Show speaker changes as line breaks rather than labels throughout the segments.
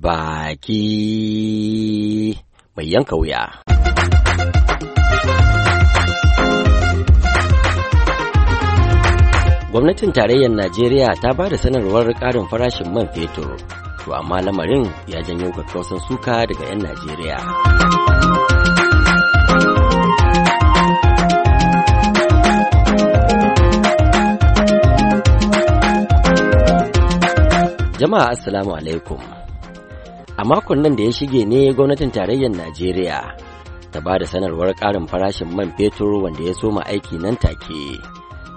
baki mai yanka wuya. Gwamnatin tarayyar Najeriya ta ba da sanarwar ƙarin farashin man fetur, to amma lamarin ya janyo kakkausan suka daga 'yan Najeriya. Jama'a Assalamu alaikum. a makon nan da ya shige ne gwamnatin tarayyar najeriya ta ba da sanarwar ƙarin farashin man fetur wanda ya soma aiki nan take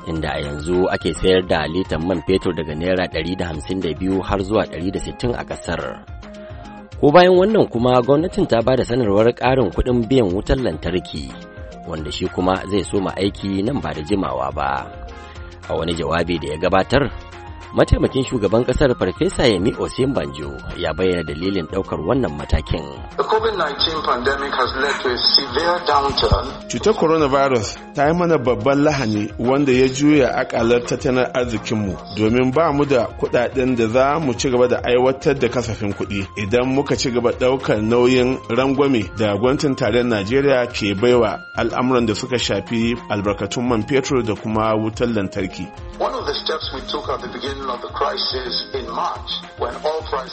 inda a yanzu ake sayar da litan man fetur daga naira 152 har zuwa 160 a ƙasar ko bayan wannan kuma gwamnatin ta ba da sanarwar ƙarin kuɗin biyan wutar lantarki wanda shi kuma zai soma aiki nan ba da jimawa ba a wani jawabi da ya gabatar mataimakin shugaban kasar farfesa yemi osin ya bayyana dalilin daukar wannan matakin
cutar coronavirus ta yi mana babban lahani wanda ya juya akalar tattalin arzikinmu domin ba mu da kudaden da za mu ci gaba da aiwatar da kasafin kuɗi idan muka ci gaba daukar nauyin rangwame da gwamnatin tarayyar najeriya ke baiwa al'amuran da suka shafi albarkatun man fetur da kuma wutar lantarki
One of the steps we took at the beginning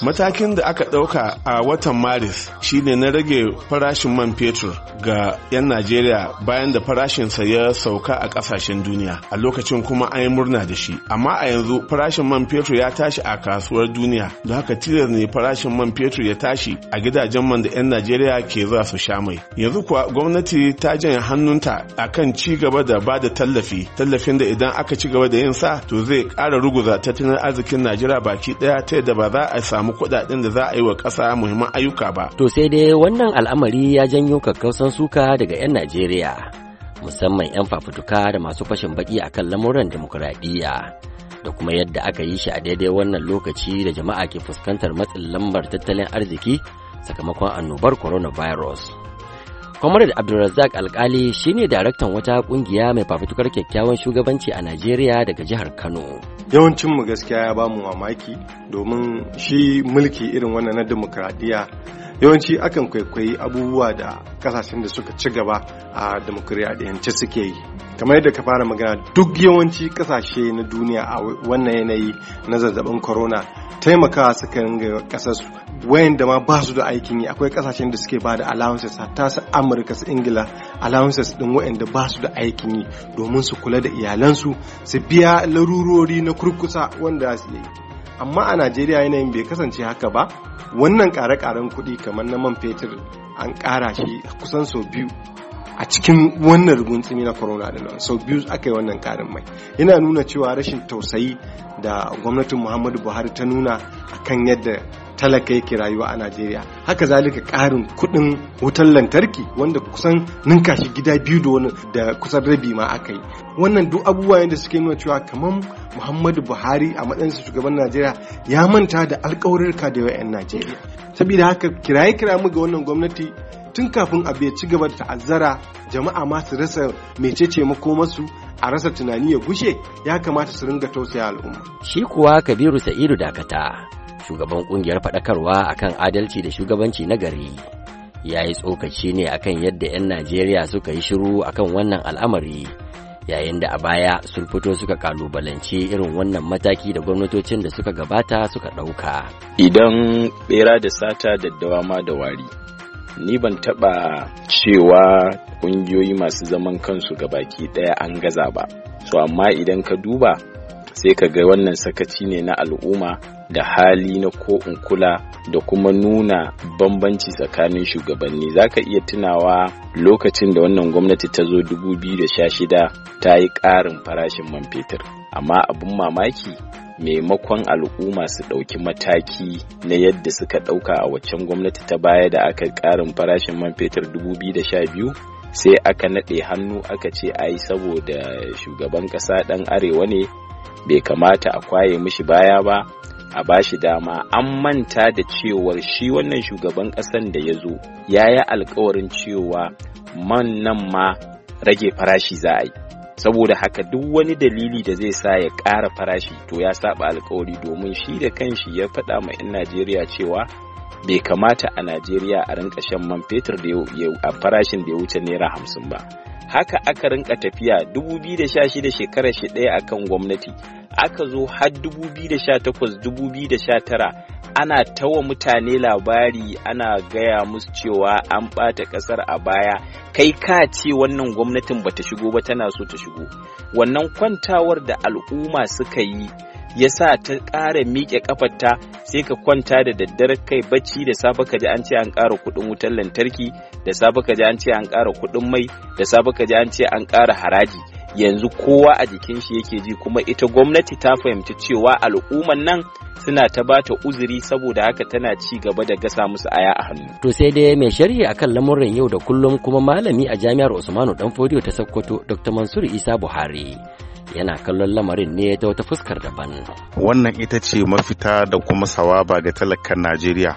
Matakin da aka ɗauka a watan Maris shine na rage farashin man fetur ga 'yan Najeriya bayan da farashinsa ya sauka a ƙasashen duniya a lokacin kuma an yi murna da shi. Amma a yanzu farashin man fetur ya tashi a kasuwar duniya da haka tilas ne farashin man fetur ya tashi a gidajen man da 'yan Najeriya ke za su sha mai. Yanzu kuwa gwamnati ta janye hannunta kan ci gaba da ba da tallafi, tallafin da idan aka ci gaba da yin sa to zai ƙara ruguza tattalin tattalin arzikin Najeriya baki daya ta yadda ba za a samu kuɗaɗen da za a yi wa
ƙasa muhimman ayyuka ba. To sai dai wannan al'amari ya janyo kakkausan suka daga 'yan Najeriya musamman 'yan fafutuka da masu fashin baki a kan lamuran demokuraɗiyya. da kuma yadda aka yi shi a daidai wannan lokaci da jama'a ke fuskantar matsin lambar tattalin arziki sakamakon annobar coronavirus. Comrade Abdulrazak Alkali shine daraktan wata kungiya mai fafutukar kyakkyawan shugabanci a Najeriya daga jihar Kano.
yawancin mu gaskiya ya bamu mamaki domin shi mulki irin wannan na demokradiyya yawanci akan kwaikwayi abubuwa da kasashen da suka ci gaba a demokuriya da yance suke yi kamar yadda ka fara magana duk yawanci kasashe na duniya a wannan yanayi na zazzabin corona taimakawa suka ringa kasarsu wayan da ma ba su da aikin yi akwai kasashen da suke ba da allowances hatta su amurka su ingila allowances din wayanda ba su da aikin yi domin su kula da iyalansu su biya larurori na kurkusa wanda su yi amma a najeriya yanayin bai kasance haka ba wannan kare-karen kuɗi kamar na man fetur an ƙara shi kusan sau biyu a cikin wannan tsimi na corona din sau biyu aka yi wannan ƙarin mai yana nuna cewa rashin tausayi da gwamnatin muhammadu buhari ta nuna akan yadda talaka yake rayuwa a Najeriya haka zalika ƙarin kuɗin wutar lantarki wanda kusan ninka shi gida biyu da wani da kusan rabi ma aka yi wannan duk abubuwa da suke nuna cewa kamar Muhammadu Buhari a matsayin shugaban Najeriya ya manta da alƙawarirka da yawan Najeriya saboda haka kiraye kira mu ga wannan gwamnati tun kafin abu ya ci gaba da ta'azzara jama'a ma su rasa mecece makomarsu a rasa tunani ya gushe ya kamata su ringa tausaya
al'umma shi kuwa Kabiru Sa'idu Dakata shugaban kungiyar faɗakarwa akan adalci da shugabanci na gari ya yi tsokaci ne akan yadda 'yan najeriya suka yi shiru akan wannan al'amari yayin da a baya sun fito suka kalubalance irin wannan mataki da gwamnatocin da suka gabata suka ɗauka.
idan bera da sata daddawa ma da wari ni ban taɓa cewa ƙungiyoyi masu zaman kansu ga baki ɗaya an gaza ba so amma idan ka duba sai ka ga wannan sakaci ne na al'umma da hali na ko in kula da kuma nuna bambanci tsakanin shugabanni za ka iya tunawa lokacin da wannan gwamnati ta zo 2016 ta yi ƙarin farashin man fetur amma abin mamaki maimakon al'umma su ɗauki mataki na yadda suka ɗauka a waccan gwamnati ta baya da aka ƙarin farashin man fetur 2012 sai aka naɗe hannu aka ce ai saboda shugaban ƙasa ɗan arewa ne bai kamata a kwaye mishi baya ba a bashi dama an manta da cewar shi wannan shugaban ƙasan da ya zo ya yi alkawarin cewa man nan ma rage farashi za a yi saboda haka duk wani dalili da zai sa ya ƙara farashi to ya saba alkawari domin shi da kanshi ya faɗa ma 'yan najeriya cewa bai kamata a najeriya a rinka shan man fetur a farashin da ya wuce naira hamsin ba haka aka rinka tafiya 2016 shekarar shi ɗaya akan gwamnati aka zo har 2018-2019 ana tawa mutane labari ana gaya musu cewa an ɓata ƙasar a baya kai ka ce wannan gwamnatin ba ta shigo ba tana so ta shigo wannan kwantawar da al'umma suka yi ya sa ta ƙara miƙe ƙafarta sai ka kwanta da daddare kai bacci da safe ka ji an ce an ƙara kuɗin wutar lantarki da safe ka ji an ce an ƙara kuɗin mai da safe ka ji an ce an ƙara haraji yanzu kowa a jikin shi yake ji kuma ita gwamnati ta fahimci cewa al'umman nan suna ta bata uzuri saboda haka tana ci gaba da
gasa musu aya a hannu. To sai dai mai sharhi akan lamurin yau da kullum kuma malami a jami'ar Usmanu Danfodiyo ta Sokoto Dr. Mansur Isa Buhari. yana kallon lamarin ne ta wata fuskar daban.
Wannan ita ce mafita da kuma sawaba ga talakan Najeriya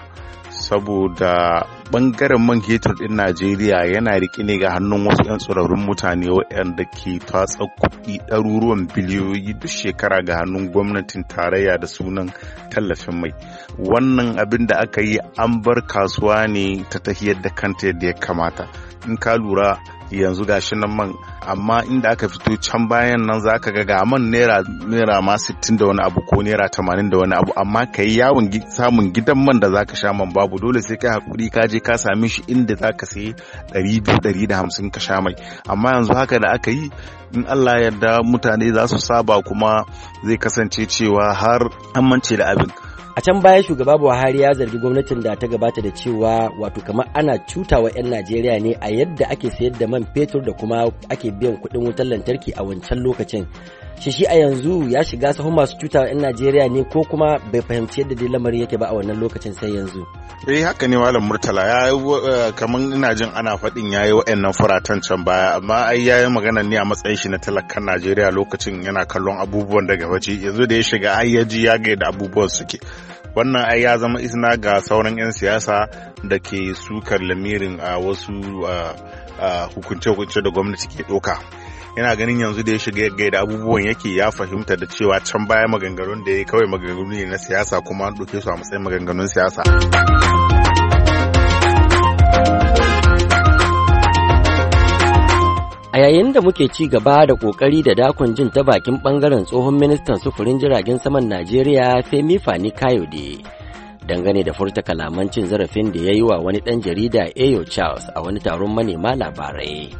saboda bangaren man fetur din Najeriya yana rike ne ga hannun wasu 'yan mutane waɗanda ke tatsa kuɗi ɗaruruwan biliyoyi duk shekara ga hannun gwamnatin tarayya da sunan tallafin mai. Wannan abin da aka yi an bar kasuwa ne ta tahiyar da kanta yadda ya kamata. In ka lura yanzu gashi nan man amma inda aka fito can bayan nan za ka ga ga man naira naira ma sittin da wani abu ko naira tamanin da wani abu amma ka yi yawon samun gidan man da za ka sha man babu dole sai kai hakuri ka je ka same shi inda za ka sayi ɗari biyu ka sha mai amma yanzu haka da aka yi in Allah yarda mutane za su saba kuma zai kasance cewa har an mance da abin
a can baya shugaba buhari ya zargi gwamnatin da ta gabata da cewa wato kamar ana cutawa 'yan najeriya ne a yadda ake sayar da man fetur da kuma ake biyan kuɗin wutar lantarki a wancan lokacin shi shi a yanzu ya shiga sahun masu cutawa 'yan najeriya ne ko kuma bai fahimci yadda dai lamarin yake ba a wannan lokacin sai yanzu
eh haka ne malam murtala ya eh, kamar ina jin ana faɗin ya yi wa'annan furatan can baya amma ai ya yi magana ne a matsayin shi na talakan najeriya lokacin yana kallon abubuwan daga waje yanzu da ya shiga ai ya ji ya ga yadda abubuwan suke wannan ai ya zama isna ga sauran 'yan siyasa da ke sukar lamirin a wasu hukunce-hukunce da gwamnati ke ɗauka yana ganin yanzu da ya shiga yadda da abubuwan yake ya fahimta da cewa can baya maganganun da ya kawai maganganu ne na siyasa kuma an ɗauke su a matsayin maganganun siyasa.
a yayin da muke ci gaba da kokari da dakon jin ta bakin bangaren tsohon ministan sufurin jiragen saman najeriya femi fani kayode dangane da furta kalaman cin zarafin da ya yi wa wani ɗan jarida ayo charles a wani taron manema labarai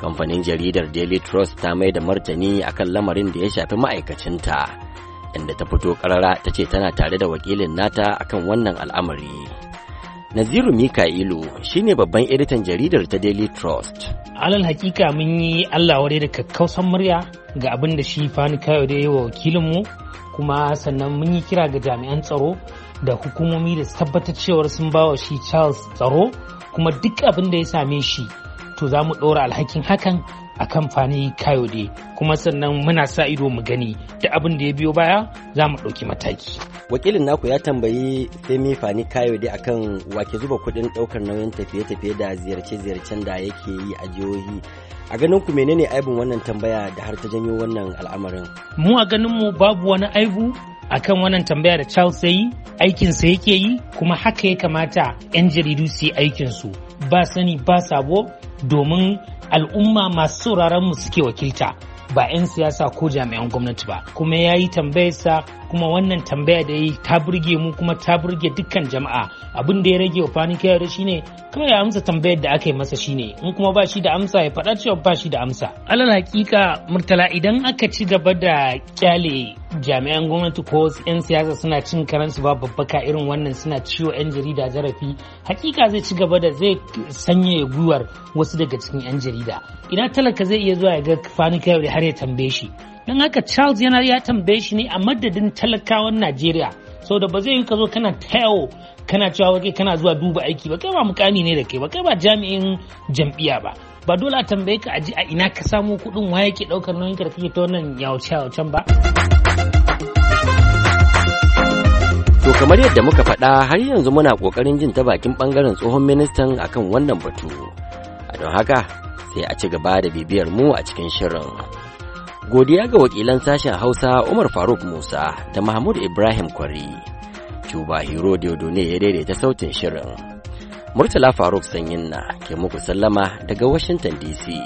kamfanin jaridar daily trust ta mai da martani akan lamarin da ya shafi ma'aikacinta inda ta fito karara ta ce tana tare da wakilin nata akan wannan al'amari Naziru Mika'ilu ne babban editan jaridar ta Daily Trust.
Alal hakika mun yi Allah wadai da kakkausan murya ga abin da shi Fani Kayo da wa wakilinmu kuma sannan mun yi kira ga jami'an tsaro da hukumomi da tabbatar cewar sun bawa shi Charles tsaro kuma duk abin da ya same shi to za mu ɗora alhakin hakan a kamfani kayode kuma sannan muna sa ido mu gani da abin da ya biyo baya za mu ɗauki mataki.
wakilin naku ya tambayi femi fani kayode akan wake zuba kuɗin ɗaukar nauyin tafiye-tafiye da ziyarce-ziyarcen da yake yi a jihohi a ganin ku menene aibun wannan tambaya da har ta janyo wannan al'amarin
mu a ganin mu babu wani aibu akan wannan tambaya da Charles yayi aikinsa yake yi kuma haka ya kamata 'yan jaridu su yi aikinsu ba sani ba sabo domin al'umma masu sauraron mu suke wakilta ba 'yan siyasa ko jami'an gwamnati ba kuma ya yi tambayarsa kuma wannan tambaya da yi ta burge mu kuma ta burge dukkan jama'a abin da ya rage wa fani shi shine kawai ya amsa tambayar da aka yi masa shine in kuma ba shi da amsa ya faɗa cewa ba shi da amsa alal hakika murtala idan aka ci gaba da kyale jami'an gwamnati ko 'yan siyasa suna cin karansu ba babbaka irin wannan suna ciwo 'yan jarida zarafi hakika zai ci gaba da zai sanyaya gwiwar wasu daga cikin 'yan jarida ina talaka zai iya zuwa ya ga fani da har ya tambaye shi don haka charles yana ya tambaye shi ne a madadin talakawan najeriya da ba zai yi ka zo kana tayo kana cewa wake kana zuwa duba aiki ba kai ba mukami ne da kai ba kai ba jami'in jam'iyya ba ba dole a tambaye ka aji a ina ka samu kuɗin waye ke ɗaukar nauyin ka kake ta wannan yawce-yawcen ba.
To kamar yadda muka faɗa har yanzu muna ƙoƙarin jin ta bakin ɓangaren tsohon ministan akan wannan batu. A don haka sai a ci gaba da bibiyar mu a cikin shirin. godiya ga wakilan sashen hausa umar faruk musa da mahmud ibrahim kwari cuba hero ne ya daidaita sautin shirin murtala faruk sanyin na ke muku sallama daga washington dc